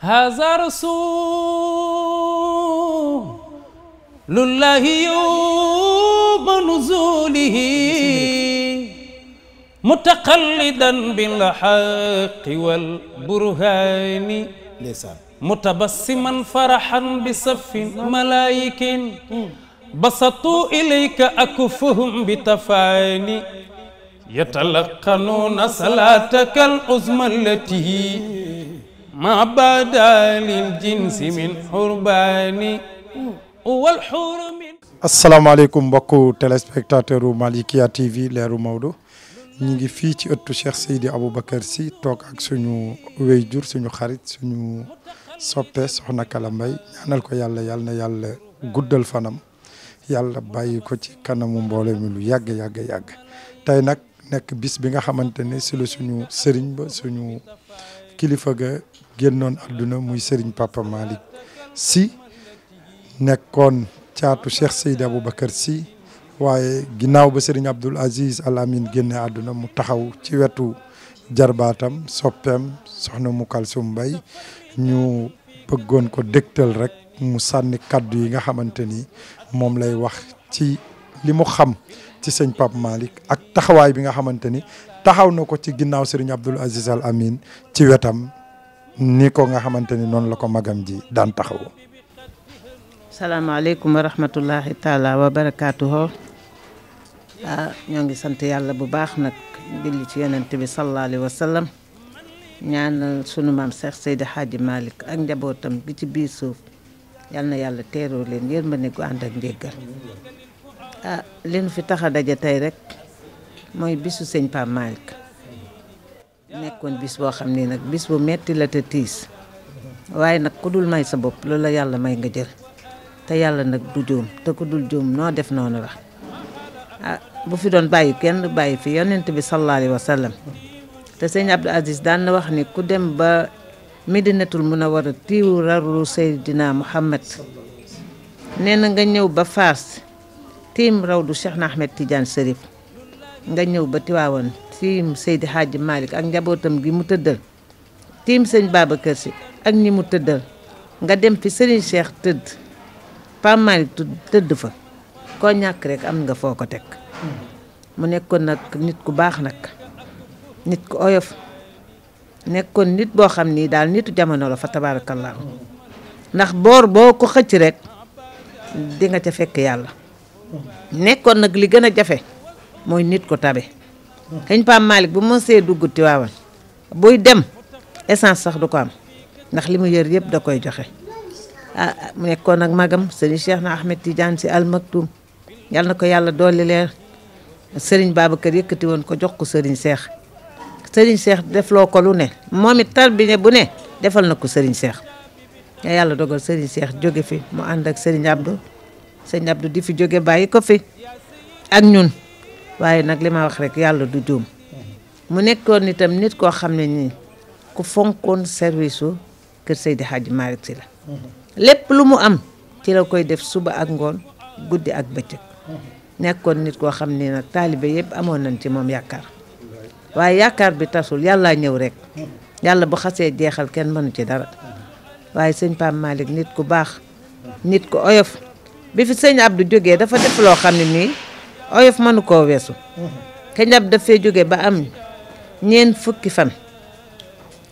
هذا رسول لله يوم نزوله متقلدا بالحق والبرهان متبسما فرحا بصف ملائك بسطوا إليك أكفهم بتفاني يتلقنون صلاتك العظمى التي ما بدا للجنس من حربان والحور من asalaamaaleykum mbokku téléspectateur u Malikia TV leeru Maodo ñi ngi fii ci ëttu Cheikh abu Aboubacar si toog ak suñu wéyjur suñu xarit suñu soppe soxna Kala Mbaye ñaanal ko yàlla yàlla na yàlla guddal fanam yàlla bàyyi ko ci kanamu mboole lu yàgg yàgg yàgg tey nag nekk bis bi nga xamante ne si suñu sëriñ ba suñu kilifa ga génnoon àdduna muy Serigne Papa Malick Sy nekkoon caatu Cheikh Seydi Aboubacar Sy waaye ginnaaw ba Serigne Abdoul Aziz Al Amin génne àdduna mu taxaw ci wetu jarbaatam soppeem soxna mu Kalsum Mbaye ñu bëggoon ko dégtal rekk mu sànni kàddu yi nga xamante ni moom lay wax ci limu xam ci sëñ pap malik ak taxaway bi nga xamanteni taxaw nako ci ginnaw Serigne Abdoul Aziz Al Amin ci wetam ni ko nga xamanteni non la ko magam ji taxaw assalamu alaykum wa rahmatullahi taala wa barakatuh ah ñoo ngi sant yàlla bu baax nak julli ci yonent bi sallallahu alayhi wa sallam ñaanal sunu mam Cheikh Seydi Hadji malik ak njabotam bi ci suuf yalla na leen ah li nu fi taxa daje tey rek mooy bisu sëñ Pape Malick nekkoon bis boo xam ne nag bis bu metti la te tiis waaye nag ku dul may sa bopp loolu la yàlla may nga jël te yàlla nag du jóom te ku dul jóom noo def noonu la ah, bu fi doon bàyyi kenn bàyyi fi yonent bi sallallahu alayhi wa te sëñ Abdou Aziz daan wax ni ku dem ba Medinatul Munawwara tiiwu raru Seydina Muhammad nee na nga ñëw ba Faas Tim rawdu cheikh na ahmed tidiane serif nga ñew ba tiwawon tim seydi hadji malik ak njabotam gi mu teudal tim seigne babacar si ak ni mu teudal nga dem fi sëriñ cheikh teud pa malik teud fa ko ñak rek am nga foko tek mu nekkon nak nit ku bax nak nit ku oyof nekkon nit bo xamni ni nitu jamono la fa tabarakallah ndax bor boko xecc rek di nga ca fekk yalla nekkoon nag li gën a jafe mooy nit ku tabe xëñ Pape Malick bu ma see dugg Tiwaawan buy dem essence sax du ko am ndax li mu yër yëpp da koy joxe ah mu nekkoon ak magam sëriñ Cheikh na Ahmed Tidiane si almaktum yal na ko yàlla dolli leer sëriñ kër yëkkati woon ko jox ko sëriñ Cheikh sëriñ Cheikh defloo ko lu ne moom it tar bi ne bu ne defal na ko sëriñ Cheikh ya yàlla dogal sëriñ Cheikh jóge fi mu ànd ak sëriñ Abdou seigne Abdou di fi jóge bàyyi ko fi ak ñun waye nak lima wax rek yalla du doom mu nekkon itam nit ko xam ni ku fonkon service su Seydi Hadji malik Sy la lepp lu mu am ci la koy def suba ak ngoon guddi ak bëccëg nekkon nit ko xam nak nag taalibe amon nañ ci mom yakkar waye yakkar bi tasul yalla ñew rek yalla bu xasse jeexal kenn mënu ci dara waye sëñ Pape malik nit ku bax nit ku oyof bi fi sëñ du jógee dafa def loo xam ne nii oyof manu koo weesu. sëñ Abdou dafay jóge ba am ñeent fukki fan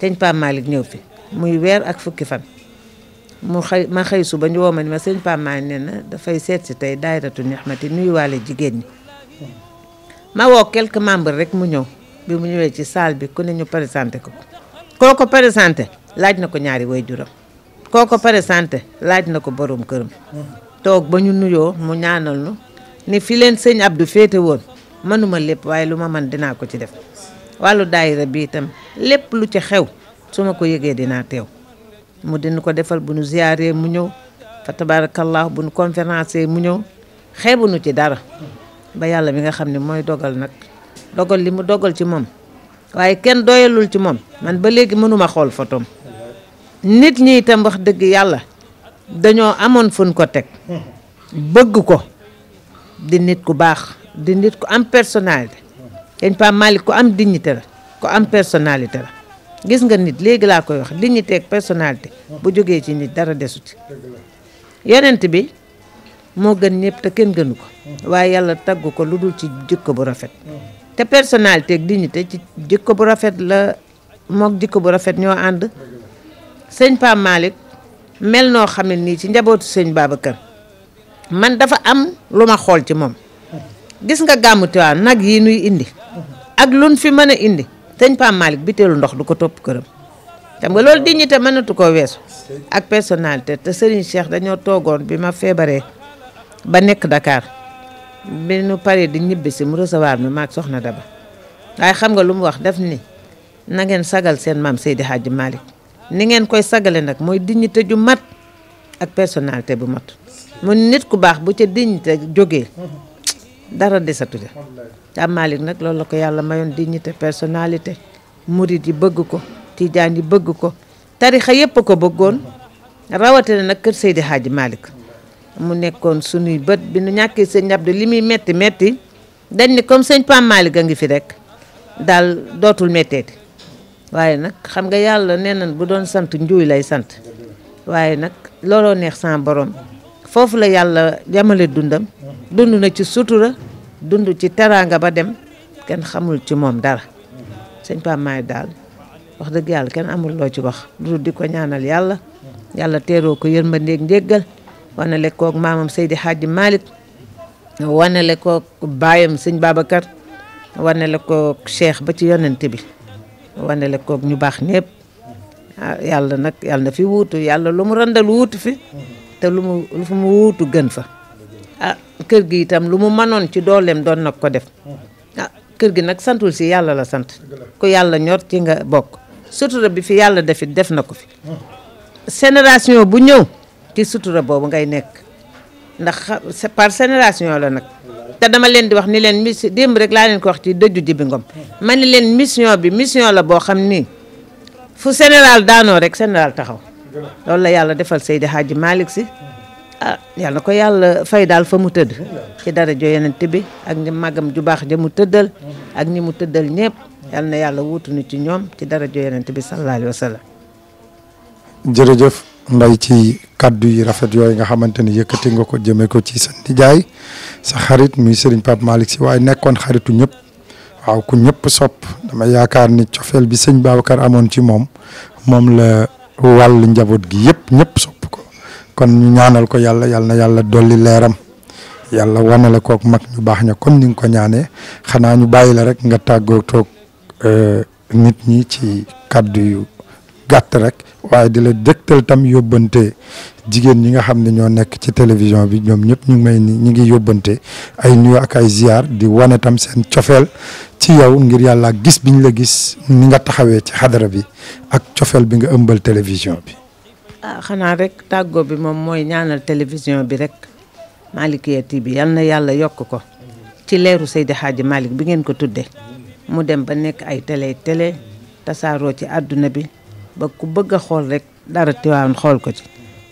sëñ Pape Malick ñëw fi muy weer ak fukki fan mu xëy ma xëy suba ñu woo ma ni ma sëñ Pape Malick nee dafay seet si tey daayiratu Nihmati nuyuwaale jigéen ñi. ma woo quelques membres rek mu ñëw bi mu ñëwee ci salle bi ku ne ñu présenté ko koo ko présenté laaj na ko ñaari waajuram koo ko présenté laaj na ko borom këram. toog ba ñu nuyoo mu ñaanal nu ni fi leen sëñ Abdou féete woon mënuma lépp waaye lu ma man dinaa ko ci def wàllu daayira bi itam lépp lu ci xew su ma ko yëgee dinaa teew mu dinu ko defal bu nu ziyaaree mu ñëw fa tabarakallah bu nu conférencé mu ñëw xeebunu ci dara ba yàlla mi nga xam ne mooy dogal nag dogal li mu dogal ci moom waaye kenn doyalul ci moom man ba léegi mënuma xool fotoom nit ñi itam wax dëgg yàlla dañoo amoon fun ko teg bëgg ko di nit ku baax di nit ku am personnalité sëñ Pape Malick ku am dignité la ku am personnalité la gis nga nit léegi laa koy wax dignité ak personnalité bu jógee ci nit dara desuti yenent bi moo gën ñëpp te kenn gënu ko waaye yàlla taggu ko lu dul ci jikko bu rafet te personnalité ak dignité ci jikko bu rafet la mook jikko bu rafet ñoo ànd sëñ Pape Malick mel noo xam ne nii ci njabootu sëñ kër man dafa am lu ma xool ci moom gis nga gàmmu Tiwaawan nag yi nuy indi ak lun fi mën a indi sëñ Pape Malick biteelu ndox du ko topp këram xam nga loolu dignité mënatu koo weesu ak personnalité te Serigne Cheikh dañoo toogoon bi ma feebaree ba nekk Dakar bi nu paree di ñibbi mu recevoir mi maag soxna Daba waaye xam nga lu mu wax def ni na ngeen sagal seen maam Seydi Hadji Malick ni ngeen koy sagale nag mooy dignité ju mat ak personnalité bu mat mu nit ku baax bu ca dignité jógee dara desatu ja ca nag loolu la ko yàlla mayoon dignité personnalité murit yi bëgg ko tiijaan yi bëgg ko tarixa yépp ko bëggoon rawatina nag kër Seydi Hadji Malick mu nekkoon sunuy bët bi nu ñàkkee sëñ Abdou li muy metti metti dañ ni comme sëñ Pam a ngi fi rekk daal dootul metteeti waaye nag xam nga yàlla nee nañ bu doon sant njuuy lay sant waaye nag looloo neex sans borom foofu la yàlla yamale dundam dund na ci sutura dund ci teraanga ba dem kenn xamul ci moom dara sëñ Pape Maye daal wax dëgg yàlla kenn amul loo ci wax lu di ko ñaanal yàlla yàlla teeroo ko yërmandeeg njéggal wanale koog maamam Seydi Hadji Malick wanale koog baayam sëñ Babacar wanale koog Cheikh ba ci yonent bi wanele koog ñu baax ñëpp ah, yàlla nag yàlla na fi wuutu yàlla lu mu randal wuutu fi te lu mu lu mu wuutu gën fa ah kër gi itam lu mu mënoon ci dooleem doon nag ko def ah, kër gi nag santuwul si yàlla la sant ku yàlla ñor ci nga bokk sutura bi fi yàlla defit def na ko fi génération bu ñëw ci sutura boobu ngay nekk ndax par génération la nag te dama leen di wax ni leen mission démb rek laa leen ko wax ci dëju ji bi ngom ma ni leen mission bi mission la boo xam ni fu général daanoo rek général taxaw loolu la yàlla defal Seydi Hadji Malick Sy ah yàlla ko yàlla fay daal fa mu tëdd ci dara jo yenente bi ak ni magam ju baax ja mu tëddal ak ñi mu tëddal ñëpp yàlla na yàlla wuutu ni ci ñoom ci dara jo yenente bi sallallahu alayhi jërëjëf nday ci kaddu yi rafet yooyu nga xamante ni yëkkati nga ko jëmee ko ci sa nijaay sa xarit muy Serigne Pape Malick si waaye nekkoon xaritu ñëpp waaw ku ñëpp sopp dama yaakaar ni cofeel bi sëñ Babacar amoon ci moom moom la wàll njaboot gi yëpp ñëpp sopp ko kon ñu ñaanal ko yàlla yàlla na yàlla dolli leeram yàlla wane la kook mag ñu baax ña kon ni nga ko ñaanee xanaa ñu bàyyi la rek nga tàggoo toog euh, nit ñi ci kaddu yu gàtt rek waaye di la dégtal tam yóbbante jigéen ñi nga xam ne ñoo nekk ci télévision bi ñoom ñëpp ñu ngi may ñi ngi yóbbante ay nuyu ak ay ziar di wane tam seen cofeel ci yow ngir yàlla gis biñ la gis ni nga taxawee ci xadara bi ak cofeel bi nga ëmbal télévision bi. ah xanaa rek tàggoo bi moom mooy ñaanal télévision bi rek Malikia TV yal na yàlla yokk ko ci leeru Seydi Hadji Malick bi ngeen ko tuddee mu dem ba nekk ay télé télé tasaaroo ci ba ku bëgg a xool rek dara Tiwaawan xool ko ci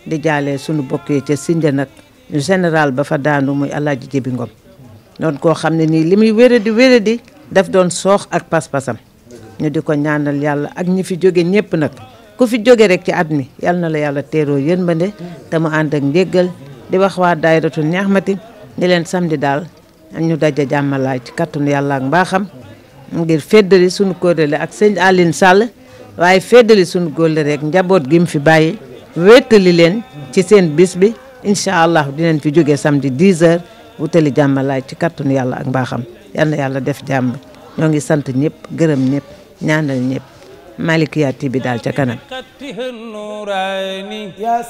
di jaalee sunu bokk yi ca Sinja nag ñu général ba fa daanu muy Alaaji Jibi Ngom doon koo xam ne nii li muy wéradi wéradi daf doon soox ak pas-pasam ñu di ko ñaanal yàlla ak ñi fi jóge ñëpp nag ku fi jóge rek ci at mi yal na la yàlla teeroo yërmande te mu ànd ak njéggal di wax waa daayiratul ñaaxmati ni leen samedi daal ñu daja jàmmalaay ci kattanu yàlla ak mbaaxam ngir feddali sunu kóodale ak sëñ Aline Sall waaye feddali suñu gólle rek njaboot gi mu fi bàyyi wéttali leen ci seen bis bi incha allah dinañ fi jógee samedi 10 heures wutali jàmmalaay ci kattanu yàlla ak mbaaxam yal yàlla def jàmm ñoo ngi sant ñëpp gërëm ñëpp ñaanal ñëpp Malikia TV daal ca kanam ya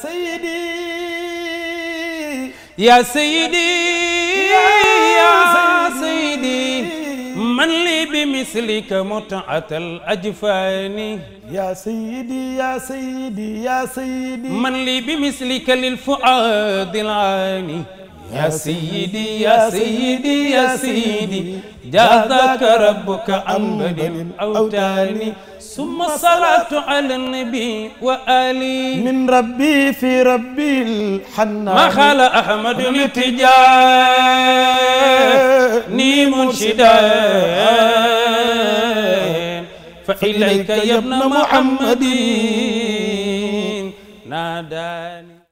من لي بمثلك متعة الأجفان يا سيدي يا سيدي يا سيدي من لي بمثلك للفؤاد العاني يا سيدي يا سيدي يا سيدي جاذاك ربك عن الأوتاني أوتاني ثم الصلاة على النبي وآلي من ربي في ربي الحنان ما خال أحمد لتجاني منشدا فإليك يا ابن محمد نادان